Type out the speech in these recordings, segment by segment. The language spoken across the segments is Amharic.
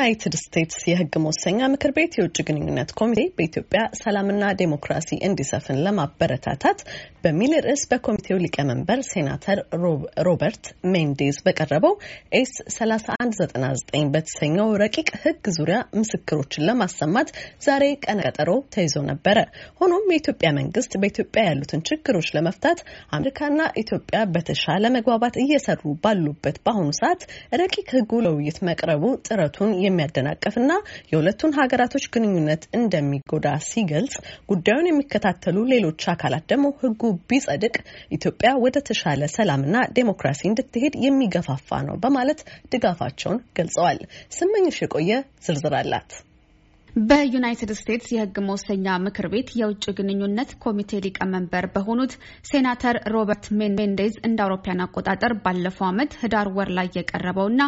የዩናይትድ ስቴትስ የሕግ መወሰኛ ምክር ቤት የውጭ ግንኙነት ኮሚቴ በኢትዮጵያ ሰላምና ዴሞክራሲ እንዲሰፍን ለማበረታታት በሚል ርዕስ በኮሚቴው ሊቀመንበር ሴናተር ሮበርት ሜንዴዝ በቀረበው ኤስ 3199 በተሰኘው ረቂቅ ሕግ ዙሪያ ምስክሮችን ለማሰማት ዛሬ ቀነ ቀጠሮ ተይዞ ነበረ። ሆኖም የኢትዮጵያ መንግስት በኢትዮጵያ ያሉትን ችግሮች ለመፍታት አሜሪካና ኢትዮጵያ በተሻለ መግባባት እየሰሩ ባሉበት በአሁኑ ሰዓት ረቂቅ ሕጉ ለውይይት መቅረቡ ጥረቱን የሚያደናቀፍና የሁለቱን ሀገራቶች ግንኙነት እንደሚጎዳ ሲገልጽ ጉዳዩን የሚከታተሉ ሌሎች አካላት ደግሞ ህጉ ቢጸድቅ ኢትዮጵያ ወደ ተሻለ ሰላምና ዴሞክራሲ እንድትሄድ የሚገፋፋ ነው በማለት ድጋፋቸውን ገልጸዋል። ስመኝሽ የቆየ ዝርዝር አላት። በዩናይትድ ስቴትስ የሕግ መወሰኛ ምክር ቤት የውጭ ግንኙነት ኮሚቴ ሊቀመንበር በሆኑት ሴናተር ሮበርት ሜንዴዝ እንደ አውሮፓያን አቆጣጠር ባለፈው ዓመት ህዳር ወር ላይ የቀረበውና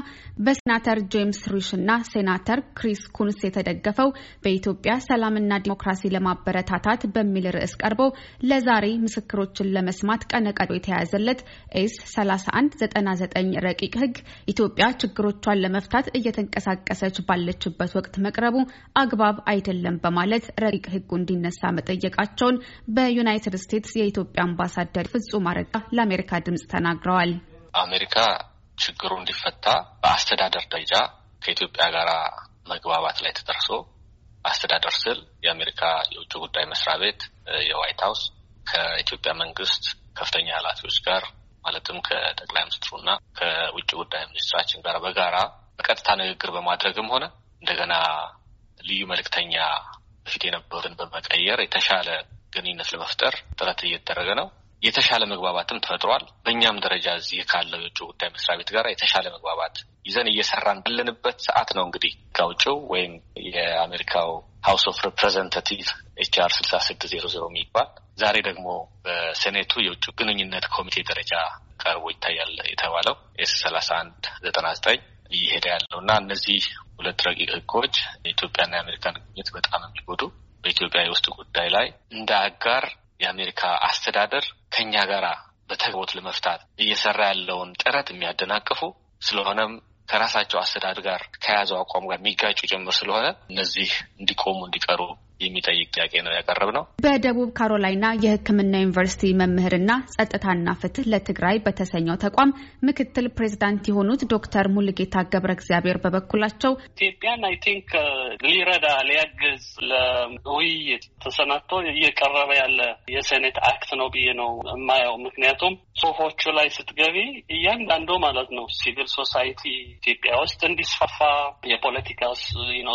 በሴናተር ጄምስ ሪሽ እና ሴናተር ክሪስ ኩንስ የተደገፈው በኢትዮጵያ ሰላምና ዲሞክራሲ ለማበረታታት በሚል ርዕስ ቀርበው ለዛሬ ምስክሮችን ለመስማት ቀነቀዶ ቀጠሮ የተያዘለት ኤስ 3199 ረቂቅ ሕግ ኢትዮጵያ ችግሮቿን ለመፍታት እየተንቀሳቀሰች ባለችበት ወቅት መቅረቡ አግባብ አይደለም በማለት ረቂቅ ህጉ እንዲነሳ መጠየቃቸውን በዩናይትድ ስቴትስ የኢትዮጵያ አምባሳደር ፍጹም አረጋ ለአሜሪካ ድምጽ ተናግረዋል። አሜሪካ ችግሩ እንዲፈታ በአስተዳደር ደረጃ ከኢትዮጵያ ጋር መግባባት ላይ ተደርሶ አስተዳደር ስል የአሜሪካ የውጭ ጉዳይ መስሪያ ቤት የዋይት ሀውስ ከኢትዮጵያ መንግስት ከፍተኛ ኃላፊዎች ጋር ማለትም ከጠቅላይ ሚኒስትሩና ከውጭ ጉዳይ ሚኒስትራችን ጋር በጋራ በቀጥታ ንግግር በማድረግም ሆነ እንደገና ልዩ መልእክተኛ በፊት የነበሩትን በመቀየር የተሻለ ግንኙነት ለመፍጠር ጥረት እየተደረገ ነው። የተሻለ መግባባትም ተፈጥሯል። በእኛም ደረጃ እዚህ ካለው የውጭ ጉዳይ መስሪያ ቤት ጋር የተሻለ መግባባት ይዘን እየሰራን ባለንበት ሰዓት ነው እንግዲህ ከውጭው ወይም የአሜሪካው ሀውስ ኦፍ ሪፕሬዘንታቲቭ ኤች አር ስልሳ ስድስት ዜሮ ዜሮ የሚባል ዛሬ ደግሞ በሴኔቱ የውጭ ግንኙነት ኮሚቴ ደረጃ ቀርቦ ይታያል የተባለው ኤስ ሰላሳ አንድ ዘጠና ዘጠኝ እየሄደ ያለው እና እነዚህ ሁለት ረቂቅ ህጎች የኢትዮጵያና የአሜሪካን ግንኙነት በጣም የሚጎዱ በኢትዮጵያ የውስጥ ጉዳይ ላይ እንደ አጋር የአሜሪካ አስተዳደር ከኛ ጋር በተግቦት ለመፍታት እየሰራ ያለውን ጥረት የሚያደናቅፉ ስለሆነም ከራሳቸው አስተዳደር ጋር ከያዘው አቋም ጋር የሚጋጩ ጭምር ስለሆነ እነዚህ እንዲቆሙ እንዲቀሩ የሚጠይቅ ጥያቄ ነው ያቀረብ ነው። በደቡብ ካሮላይና የሕክምና ዩኒቨርሲቲ መምህርና ጸጥታና ፍትህ ለትግራይ በተሰኘው ተቋም ምክትል ፕሬዚዳንት የሆኑት ዶክተር ሙልጌታ ገብረ እግዚአብሔር በበኩላቸው ኢትዮጵያን አይ ቲንክ ሊረዳ ሊያግዝ ለውይይት ተሰናድቶ እየቀረበ ያለ የሴኔት አክት ነው ብዬ ነው የማየው። ምክንያቱም ጽሁፎቹ ላይ ስትገቢ እያንዳንዱ ማለት ነው ሲቪል ሶሳይቲ ኢትዮጵያ ውስጥ እንዲስፋፋ የፖለቲካ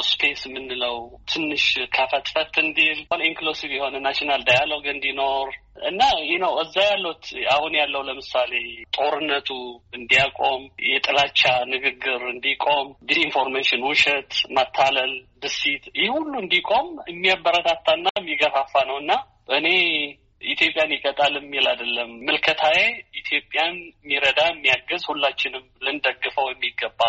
ስፔስ የምንለው ትንሽ ከፈ መክፈት እንዲል ኢንክሉሲቭ የሆነ ናሽናል ዳያሎግ እንዲኖር እና ይህ ነው እዛ ያሉት አሁን ያለው ለምሳሌ ጦርነቱ እንዲያቆም፣ የጥላቻ ንግግር እንዲቆም፣ ዲስኢንፎርሜሽን፣ ውሸት፣ ማታለል፣ ድሲት ይህ ሁሉ እንዲቆም የሚያበረታታና የሚገፋፋ ነው እና እኔ ኢትዮጵያን ይቀጣል የሚል አይደለም ምልከታዬ ኢትዮጵያን የሚረዳ የሚያግዝ ሁላችንም ልንደግፈው የሚገባ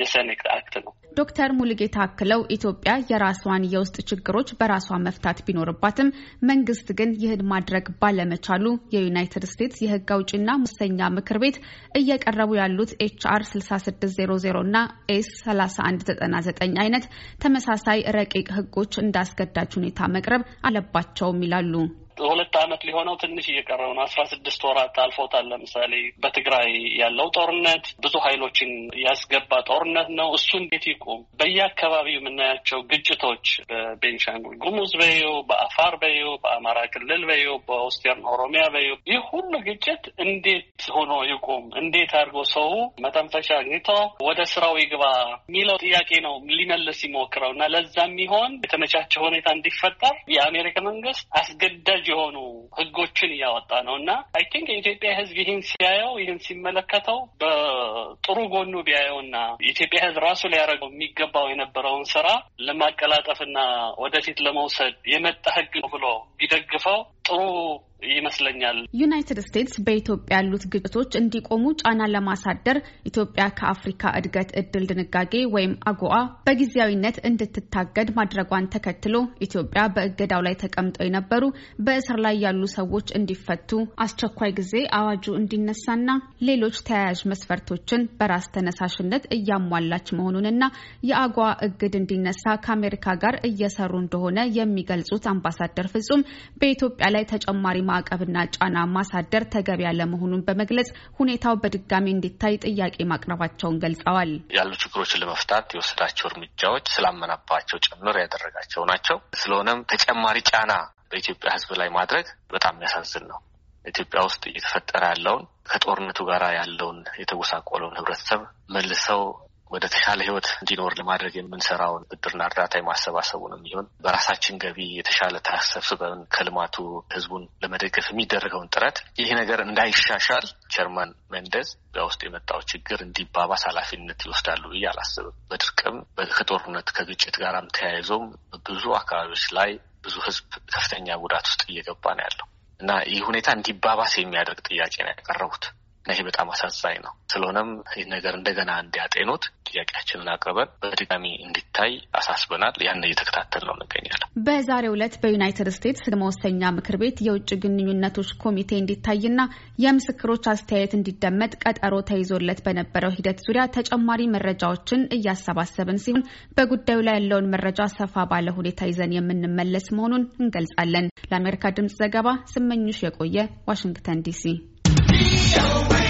የሰነግ አክት ነው። ዶክተር ሙልጌታ አክለው ኢትዮጵያ የራሷን የውስጥ ችግሮች በራሷ መፍታት ቢኖርባትም መንግስት ግን ይህን ማድረግ ባለመቻሉ የዩናይትድ ስቴትስ የህግ አውጪና ሙሰኛ ምክር ቤት እየቀረቡ ያሉት ኤችአር 6600 እና ኤስ 3199 አይነት ተመሳሳይ ረቂቅ ህጎች እንዳስገዳጅ ሁኔታ መቅረብ አለባቸውም ይላሉ። አመት ሊሆነው ትንሽ እየቀረው ነው። አስራ ስድስት ወራት አልፎታል። ለምሳሌ በትግራይ ያለው ጦርነት ብዙ ኃይሎችን ያስገባ ጦርነት ነው። እሱ እንዴት ይቁም? በየአካባቢው የምናያቸው ግጭቶች በቤንሻንጉል ጉሙዝ በዩ፣ በአፋር በዩ፣ በአማራ ክልል በዩ፣ በኦስቴርን ኦሮሚያ በዩ፣ ይህ ሁሉ ግጭት እንዴት ሆኖ ይቁም? እንዴት አድርጎ ሰው መተንፈሻ አግኝቶ ወደ ስራው ይግባ የሚለው ጥያቄ ነው ሊመልስ ይሞክረው እና ለዛ የሚሆን የተመቻቸ ሁኔታ እንዲፈጠር የአሜሪካ መንግስት አስገዳጅ የሆኑ ህጎችን እያወጣ ነው እና አይ ቲንክ የኢትዮጵያ ህዝብ ይህን ሲያየው ይህን ሲመለከተው በጥሩ ጎኑ ቢያየውና የኢትዮጵያ ህዝብ ራሱ ሊያደርገው የሚገባው የነበረውን ስራ ለማቀላጠፍና ወደፊት ለመውሰድ የመጣ ህግ ነው ብሎ ቢደግፈው ጥሩ ይመስለኛል። ዩናይትድ ስቴትስ በኢትዮጵያ ያሉት ግጭቶች እንዲቆሙ ጫና ለማሳደር ኢትዮጵያ ከአፍሪካ እድገት እድል ድንጋጌ ወይም አጎአ በጊዜያዊነት እንድትታገድ ማድረጓን ተከትሎ ኢትዮጵያ በእገዳው ላይ ተቀምጠው የነበሩ በእስር ላይ ያሉ ሰዎች እንዲፈቱ፣ አስቸኳይ ጊዜ አዋጁ እንዲነሳና ሌሎች ተያያዥ መስፈርቶችን በራስ ተነሳሽነት እያሟላች መሆኑንና የአጎአ እግድ እንዲነሳ ከአሜሪካ ጋር እየሰሩ እንደሆነ የሚገልጹት አምባሳደር ፍጹም በኢትዮጵያ ላይ ተጨማሪ ማዕቀብና ጫና ማሳደር ተገቢ ያለመሆኑን በመግለጽ ሁኔታው በድጋሚ እንዲታይ ጥያቄ ማቅረባቸውን ገልጸዋል። ያሉ ችግሮችን ለመፍታት የወሰዳቸው እርምጃዎች ስላመናባቸው ጭምር ያደረጋቸው ናቸው። ስለሆነም ተጨማሪ ጫና በኢትዮጵያ ሕዝብ ላይ ማድረግ በጣም የሚያሳዝን ነው። ኢትዮጵያ ውስጥ እየተፈጠረ ያለውን ከጦርነቱ ጋር ያለውን የተጎሳቆለውን ህብረተሰብ መልሰው ወደ ተሻለ ህይወት እንዲኖር ለማድረግ የምንሰራውን ብድርና እርዳታ የማሰባሰቡ ነው የሚሆን። በራሳችን ገቢ የተሻለ ተሰብስበን ከልማቱ ህዝቡን ለመደገፍ የሚደረገውን ጥረት ይህ ነገር እንዳይሻሻል ቸርማን መንደዝ በውስጥ የመጣው ችግር እንዲባባስ ኃላፊነት ይወስዳሉ ብዬ አላስብም። በድርቅም ከጦርነት ከግጭት ጋራም ተያይዞም ብዙ አካባቢዎች ላይ ብዙ ህዝብ ከፍተኛ ጉዳት ውስጥ እየገባ ነው ያለው እና ይህ ሁኔታ እንዲባባስ የሚያደርግ ጥያቄ ነው ያቀረቡት። ይሄ በጣም አሳዛኝ ነው። ስለሆነም ይህ ነገር እንደገና እንዲያጤኑት ጥያቄያችንን አቅርበን በድጋሚ እንዲታይ አሳስበናል። ያን እየተከታተል ነው እንገኛለን። በዛሬው ዕለት በዩናይትድ ስቴትስ መወሰኛ ምክር ቤት የውጭ ግንኙነቶች ኮሚቴ እንዲታይና የምስክሮች አስተያየት እንዲደመጥ ቀጠሮ ተይዞለት በነበረው ሂደት ዙሪያ ተጨማሪ መረጃዎችን እያሰባሰብን ሲሆን በጉዳዩ ላይ ያለውን መረጃ ሰፋ ባለ ሁኔታ ይዘን የምንመለስ መሆኑን እንገልጻለን። ለአሜሪካ ድምጽ ዘገባ ስመኝሽ የቆየ ዋሽንግተን ዲሲ Show me.